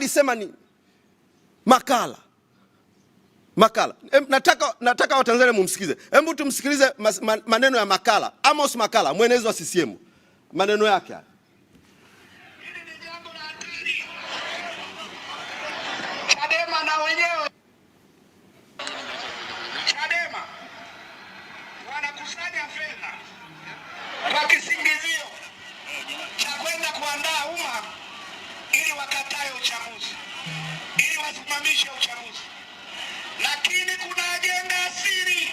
alisema nini? Makala, Makala. Em, nataka, nataka Watanzania mumsikize. Hebu tumsikilize maneno ya Makala, Amos Makala, mwenezi wa CCM, maneno yake haya. uchaguzi ili wasimamishe uchaguzi, lakini kuna ajenda siri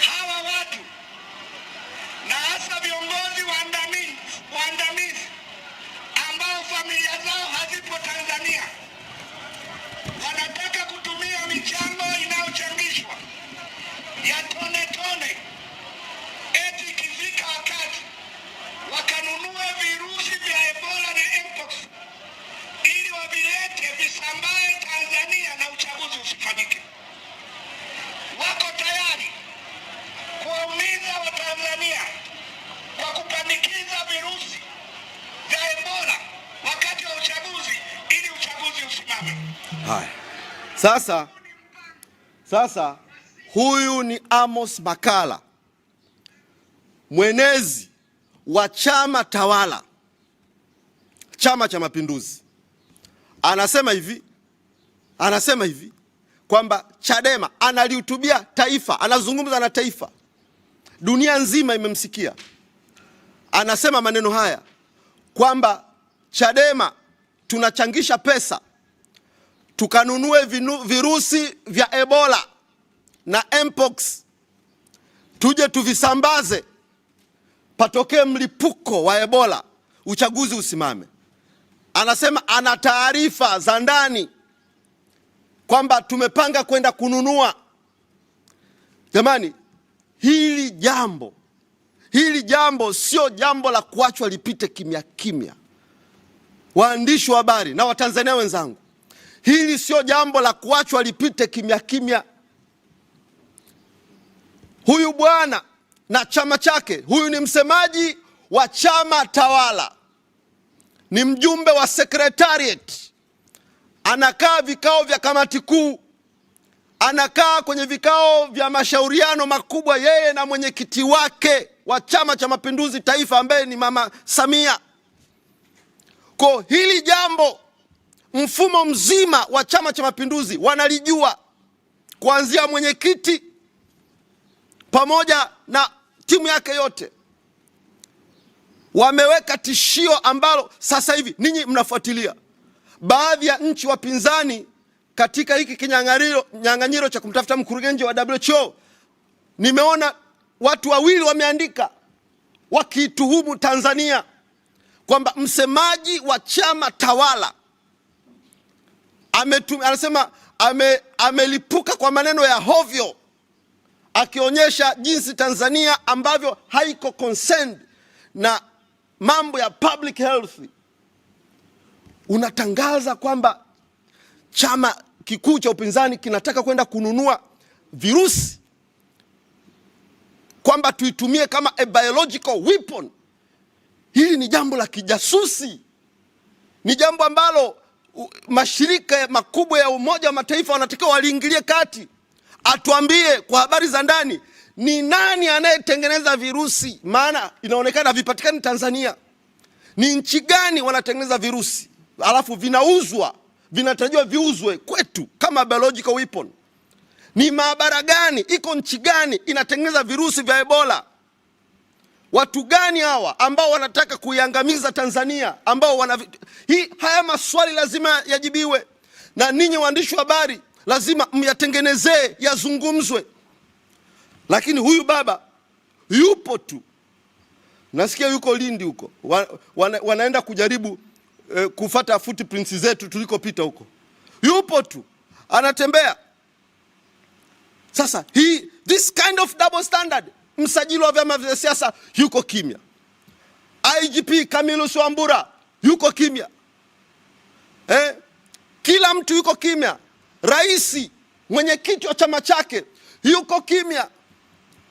hawa watu na hasa viongozi waandamizi ambao familia zao hazipo Tanzania. Sasa, sasa huyu ni Amos makala mwenezi wa chama tawala, Chama cha Mapinduzi, anasema hivi, anasema hivi kwamba Chadema, analihutubia taifa, anazungumza na taifa, dunia nzima imemsikia, anasema maneno haya kwamba Chadema tunachangisha pesa tukanunue vinu, virusi vya Ebola na Mpox tuje tuvisambaze, patokee mlipuko wa Ebola, uchaguzi usimame. Anasema ana taarifa za ndani kwamba tumepanga kwenda kununua. Jamani, hili jambo hili jambo sio jambo la kuachwa lipite kimya kimya, waandishi wa habari na Watanzania wenzangu Hili sio jambo la kuachwa lipite kimya kimya. Huyu bwana na chama chake, huyu ni msemaji wa chama tawala, ni mjumbe wa secretariat, anakaa vikao vya kamati kuu, anakaa kwenye vikao vya mashauriano makubwa, yeye na mwenyekiti wake wa Chama cha Mapinduzi Taifa ambaye ni Mama Samia. Kwa hili jambo mfumo mzima wa Chama cha Mapinduzi wanalijua, kuanzia mwenyekiti pamoja na timu yake yote. Wameweka tishio ambalo sasa hivi ninyi mnafuatilia. Baadhi ya nchi wapinzani katika hiki kinyang'anyiro cha kumtafuta mkurugenzi wa WHO, nimeona watu wawili wameandika wakiituhumu Tanzania kwamba msemaji wa chama tawala ametum, anasema ame, amelipuka kwa maneno ya hovyo akionyesha jinsi Tanzania ambavyo haiko concerned na mambo ya public health. Unatangaza kwamba chama kikuu cha upinzani kinataka kwenda kununua virusi kwamba tuitumie kama a biological weapon. Hili ni jambo la kijasusi, ni jambo ambalo mashirika makubwa ya Umoja wa Mataifa wanatakiwa waliingilie kati, atuambie kwa habari za ndani ni nani anayetengeneza virusi, maana inaonekana havipatikani Tanzania. Ni nchi gani wanatengeneza virusi alafu vinauzwa, vinatarajiwa viuzwe kwetu kama biological weapon? Ni maabara gani, iko nchi gani inatengeneza virusi vya Ebola? Watu gani hawa ambao wanataka kuiangamiza Tanzania, ambao wana hii? Haya maswali lazima yajibiwe, na ninyi waandishi wa habari lazima myatengenezee yazungumzwe. Lakini huyu baba yupo tu, nasikia yuko Lindi huko, wana, wanaenda kujaribu eh, kufata footprints zetu tulikopita huko, yupo tu anatembea. Sasa hii, this kind of double standard msajili wa vyama vya siasa yuko kimya, IGP Camillus Wambura yuko kimya eh? Kila mtu yuko kimya, rais, mwenyekiti wa chama chake yuko kimya.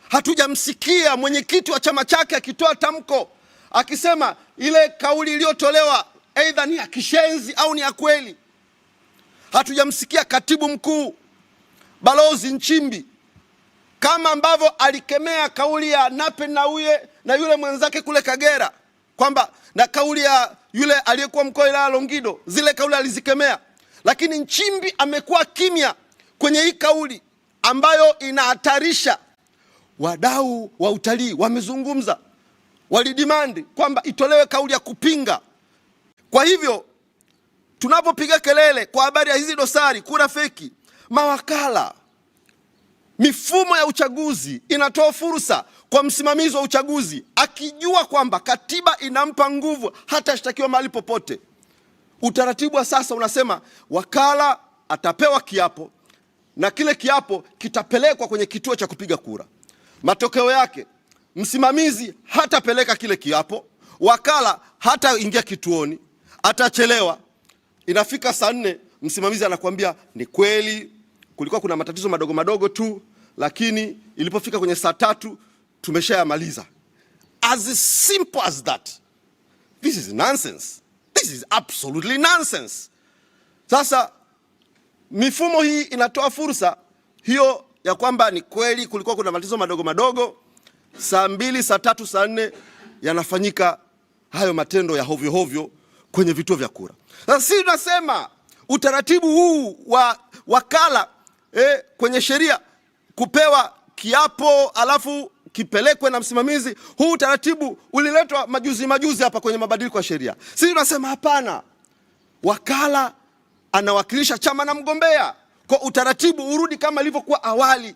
Hatujamsikia mwenyekiti wa chama chake akitoa tamko akisema ile kauli iliyotolewa aidha ni ya kishenzi au ni ya kweli. Hatujamsikia katibu mkuu balozi Nchimbi kama ambavyo alikemea kauli ya Nape na uye na yule mwenzake kule Kagera kwamba na kauli ya yule aliyekuwa mkoa wa wilaya Longido, zile kauli alizikemea, lakini Nchimbi amekuwa kimya kwenye hii kauli ambayo inahatarisha. Wadau wa utalii wamezungumza, walidimandi kwamba itolewe kauli ya kupinga. Kwa hivyo tunapopiga kelele kwa habari ya hizi dosari, kura feki, mawakala Mifumo ya uchaguzi inatoa fursa kwa msimamizi wa uchaguzi, akijua kwamba katiba inampa nguvu, hata ashtakiwa mahali popote. Utaratibu wa sasa unasema wakala atapewa kiapo na kile kiapo kitapelekwa kwenye kituo cha kupiga kura. Matokeo yake msimamizi hatapeleka kile kiapo, wakala hataingia kituoni, atachelewa. Inafika saa nne, msimamizi anakuambia ni kweli kulikuwa kuna matatizo madogo madogo tu, lakini ilipofika kwenye saa tatu tumeshayamaliza. As simple as that. This is nonsense. This is absolutely nonsense. Sasa mifumo hii inatoa fursa hiyo ya kwamba ni kweli kulikuwa kuna matatizo madogo madogo, saa mbili, saa tatu, saa nne yanafanyika hayo matendo ya hovyo hovyo kwenye vituo vya kura. Sasa si tunasema utaratibu huu wa wakala eh, kwenye sheria kupewa kiapo alafu kipelekwe na msimamizi. Huu utaratibu uliletwa majuzi majuzi hapa kwenye mabadiliko ya sheria. Sisi tunasema hapana, wakala anawakilisha chama na mgombea, kwa utaratibu urudi kama ilivyokuwa awali.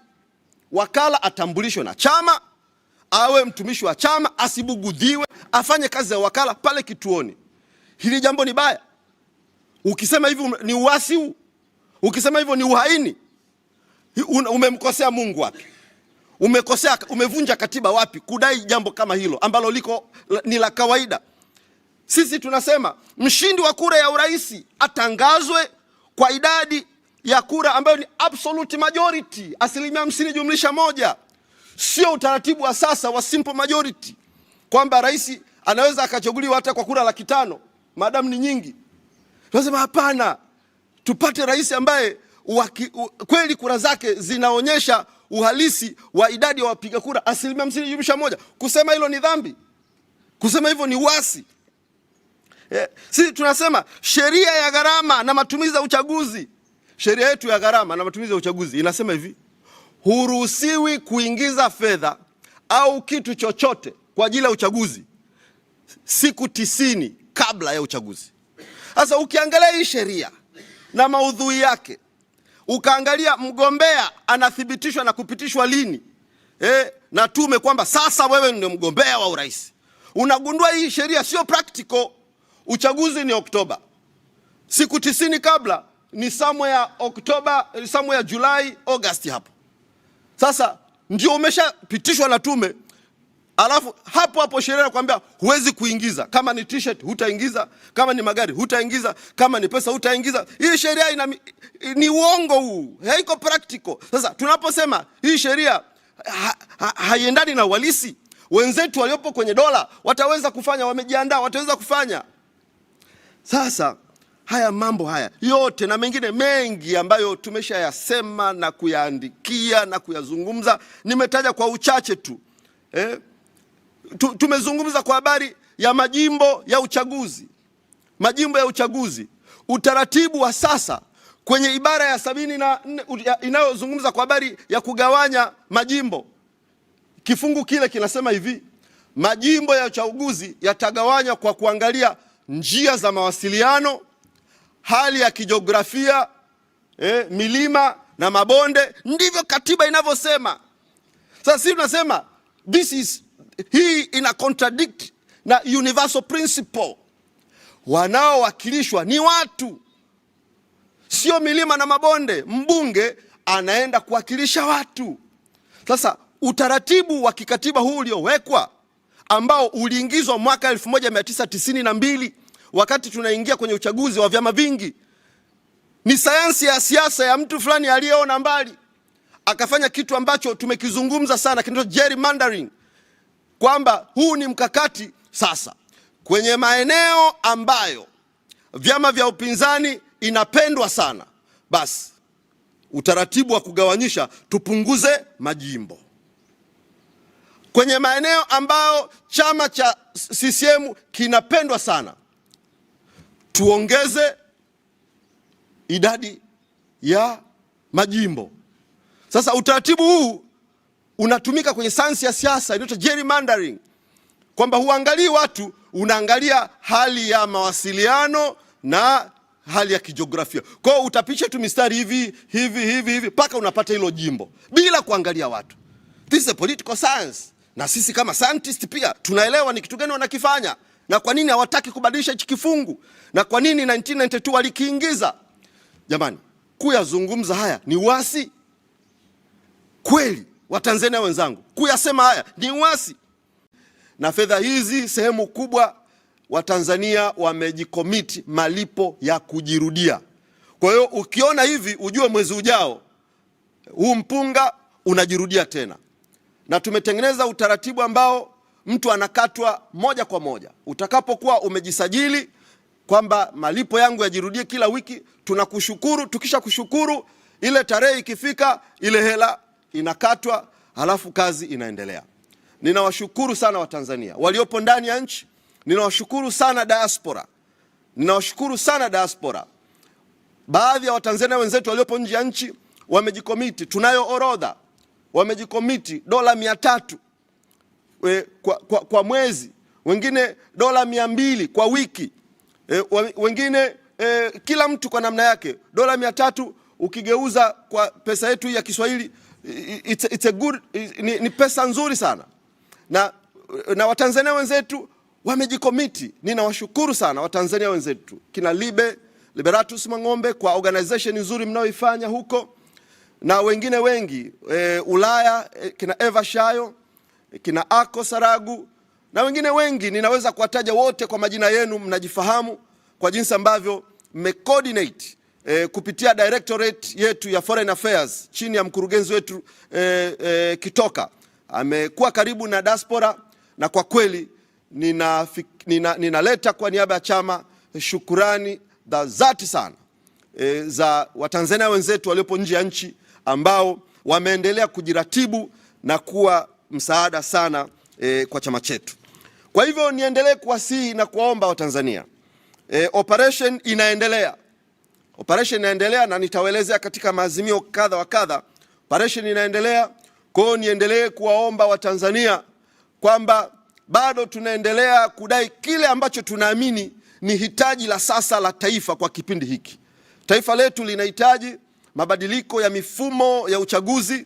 Wakala atambulishwe na chama, awe mtumishi wa chama, asibugudhiwe, afanye kazi ya wakala pale kituoni. Hili jambo ni baya. Ukisema hivyo ni uasi, ukisema hivyo ni uhaini. Umemkosea Mungu wapi? Umekosea, umevunja katiba wapi kudai jambo kama hilo ambalo liko ni la kawaida? Sisi tunasema mshindi wa kura ya urais atangazwe kwa idadi ya kura ambayo ni absolute majority, asilimia hamsini jumlisha moja, sio utaratibu wa sasa wa simple majority kwamba rais anaweza akachaguliwa hata kwa kura laki tano maadamu ni nyingi. Tunasema hapana, tupate rais ambaye waki, u, kweli kura zake zinaonyesha uhalisi wa idadi ya wa wapiga kura asilimia hamsini jumlisha moja. Kusema hilo ni dhambi, kusema hivyo ni uasi. Yeah. Sisi tunasema sheria ya gharama na matumizi ya uchaguzi, sheria yetu ya gharama na matumizi ya uchaguzi inasema hivi: huruhusiwi kuingiza fedha au kitu chochote kwa ajili ya uchaguzi siku tisini kabla ya uchaguzi. Sasa ukiangalia hii sheria na maudhui yake ukaangalia mgombea anathibitishwa na kupitishwa lini e, na tume kwamba sasa wewe ndio mgombea wa urais. Unagundua hii sheria sio practical. Uchaguzi ni Oktoba, siku tisini kabla ni somewhere Oktoba, somewhere Julai, August hapo. Sasa ndio umeshapitishwa na tume. Alafu hapo hapo sheria inakwambia huwezi kuingiza. Kama ni t-shirt hutaingiza, kama ni magari hutaingiza, kama ni pesa hutaingiza. Hii sheria ina, ni uongo huu, haiko practical. Sasa tunaposema hii sheria haiendani ha, ha, na uhalisi, wenzetu waliopo kwenye dola wataweza kufanya, wamejiandaa, wataweza kufanya. Sasa haya mambo haya yote na mengine mengi ambayo tumeshayasema na kuyaandikia na kuyazungumza, nimetaja kwa uchache tu eh? tumezungumza kwa habari ya majimbo ya uchaguzi, majimbo ya uchaguzi. Utaratibu wa sasa kwenye ibara ya sabini na nne inayozungumza kwa habari ya kugawanya majimbo, kifungu kile kinasema hivi: majimbo ya uchaguzi yatagawanywa kwa kuangalia njia za mawasiliano, hali ya kijiografia, eh, milima na mabonde. Ndivyo katiba inavyosema. Sasa sisi tunasema this is hii ina contradict na universal principle. Wanaowakilishwa ni watu, sio milima na mabonde. Mbunge anaenda kuwakilisha watu. Sasa utaratibu wa kikatiba huu uliowekwa ambao uliingizwa mwaka 1992 wakati tunaingia kwenye uchaguzi wa vyama vingi, ni sayansi ya siasa ya mtu fulani aliyeona mbali akafanya kitu ambacho tumekizungumza sana, kinaitwa gerrymandering kwamba huu ni mkakati sasa kwenye maeneo ambayo vyama vya upinzani inapendwa sana, basi utaratibu wa kugawanyisha tupunguze majimbo. Kwenye maeneo ambayo chama cha CCM kinapendwa sana, tuongeze idadi ya majimbo. Sasa utaratibu huu unatumika kwenye sayansi ya siasa inaitwa gerrymandering, kwamba huangalii watu, unaangalia hali ya mawasiliano na hali ya kijiografia. Kwa hiyo utapicha tu mistari hivi hivi hivi hivi mpaka unapata hilo jimbo bila kuangalia watu. This is a political science, na sisi kama scientist pia tunaelewa ni kitu gani wanakifanya na kwa nini hawataki kubadilisha hichi kifungu na kwa nini 1992 walikiingiza. Jamani, kuyazungumza haya ni wasi kweli Watanzania wenzangu, kuyasema haya ni uasi, na fedha hizi sehemu kubwa Watanzania wamejikomiti malipo ya kujirudia. Kwa hiyo ukiona hivi ujue mwezi ujao huu mpunga unajirudia tena, na tumetengeneza utaratibu ambao mtu anakatwa moja kwa moja. Utakapokuwa umejisajili kwamba malipo yangu yajirudie kila wiki, tunakushukuru. Tukisha kushukuru, ile tarehe ikifika, ile hela inakatwa, halafu kazi inaendelea. Ninawashukuru sana Watanzania waliopo ndani ya nchi, ninawashukuru sana diaspora, ninawashukuru sana diaspora. Baadhi ya Watanzania wenzetu waliopo nje ya nchi wamejikomiti, tunayo orodha, wamejikomiti dola mia tatu eh, kwa, kwa, kwa mwezi, wengine dola mia mbili kwa wiki e, wengine e, kila mtu kwa namna yake dola mia tatu ukigeuza kwa pesa yetu hii ya Kiswahili it's, it's a good, ni, ni pesa nzuri sana na, na Watanzania wenzetu wamejikomiti. Ninawashukuru sana Watanzania wenzetu kina Libe Liberatus Mang'ombe kwa organization nzuri mnayoifanya huko na wengine wengi e, Ulaya e, kina Eva Shayo e, kina Ako Saragu na wengine wengi, ninaweza kuwataja wote kwa majina yenu, mnajifahamu kwa jinsi ambavyo mmecoordinate e, kupitia directorate yetu ya foreign affairs chini ya mkurugenzi wetu e, e, Kitoka amekuwa karibu na diaspora, na kwa kweli ninaleta nina, nina kwa niaba ya chama shukurani za dhati sana e, za Watanzania wenzetu waliopo nje ya nchi ambao wameendelea kujiratibu na kuwa msaada sana e, kwa chama chetu. Kwa hivyo niendelee kuwasihi na kuwaomba Watanzania e, operation inaendelea operation inaendelea na nitawaelezea katika maazimio kadha wa kadha. Operation inaendelea, kwa hiyo niendelee kuwaomba Watanzania kwamba bado tunaendelea kudai kile ambacho tunaamini ni hitaji la sasa la taifa. Kwa kipindi hiki taifa letu linahitaji mabadiliko ya mifumo ya uchaguzi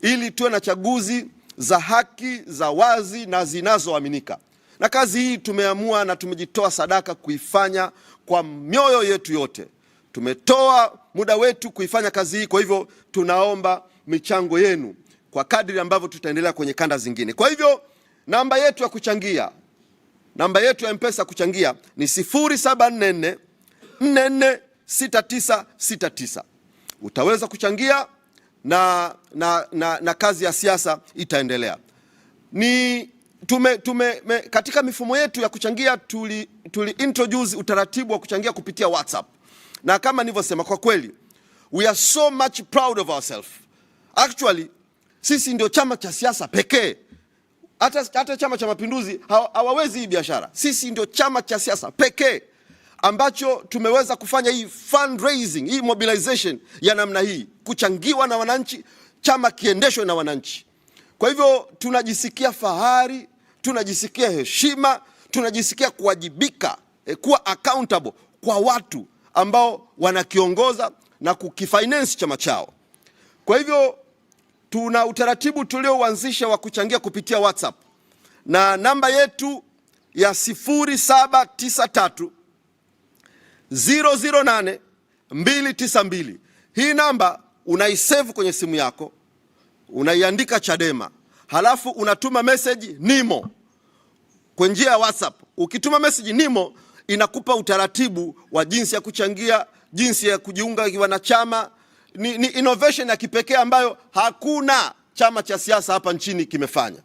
ili tuwe na chaguzi za haki, za wazi na zinazoaminika. Na kazi hii tumeamua na tumejitoa sadaka kuifanya kwa mioyo yetu yote. Tumetoa muda wetu kuifanya kazi hii, kwa hivyo tunaomba michango yenu kwa kadri ambavyo tutaendelea kwenye kanda zingine. Kwa hivyo namba yetu ya kuchangia, namba yetu ya mpesa kuchangia ni 0744 446969. Utaweza kuchangia na, na, na, na kazi ya siasa itaendelea. Ni tume, tume, me, katika mifumo yetu ya kuchangia tuli, tuli introduce utaratibu wa kuchangia kupitia WhatsApp na kama nilivyosema, kwa kweli we are so much proud of ourselves. Actually sisi ndio chama cha siasa pekee, hata hata Chama cha Mapinduzi hawawezi hii biashara. Sisi ndio chama cha siasa pekee ambacho tumeweza kufanya hii fundraising, hii mobilization ya namna hii, kuchangiwa na wananchi, chama kiendeshwe na wananchi. Kwa hivyo tunajisikia fahari, tunajisikia heshima, tunajisikia kuwajibika, eh, kuwa accountable kwa watu ambao wanakiongoza na kukifinance chama chao. Kwa hivyo tuna utaratibu tuliouanzisha wa kuchangia kupitia WhatsApp na namba yetu ya 0793 008 Hii namba unaisave kwenye simu yako, unaiandika Chadema, halafu unatuma meseji nimo kwa njia ya WhatsApp. Ukituma meseji nimo, inakupa utaratibu wa jinsi ya kuchangia, jinsi ya kujiunga wanachama. Ni, ni innovation ya kipekee ambayo hakuna chama cha siasa hapa nchini kimefanya,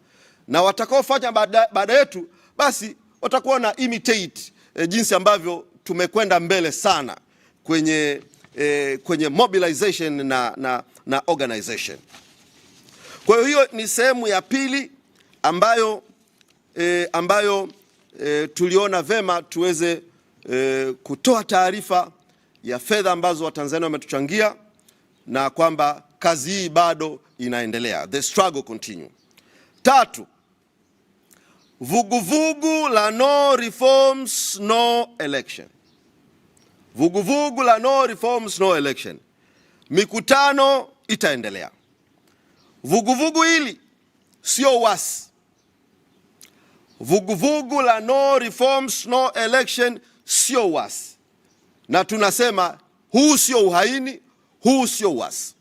na watakaofanya baada yetu basi watakuwa na imitate e, jinsi ambavyo tumekwenda mbele sana kwenye, e, kwenye mobilization na, na, na organization. Kwa hiyo hiyo ni sehemu ya pili ambayo, e, ambayo e, tuliona vema tuweze e, kutoa taarifa ya fedha ambazo Watanzania wametuchangia na kwamba kazi hii bado inaendelea, the struggle continue. Tatu, vuguvugu la no reforms no election, vuguvugu la no reforms no election, mikutano itaendelea. Vuguvugu hili sio wasi, vuguvugu la no reforms no election sio uasi, na tunasema huu sio uhaini, huu sio uasi.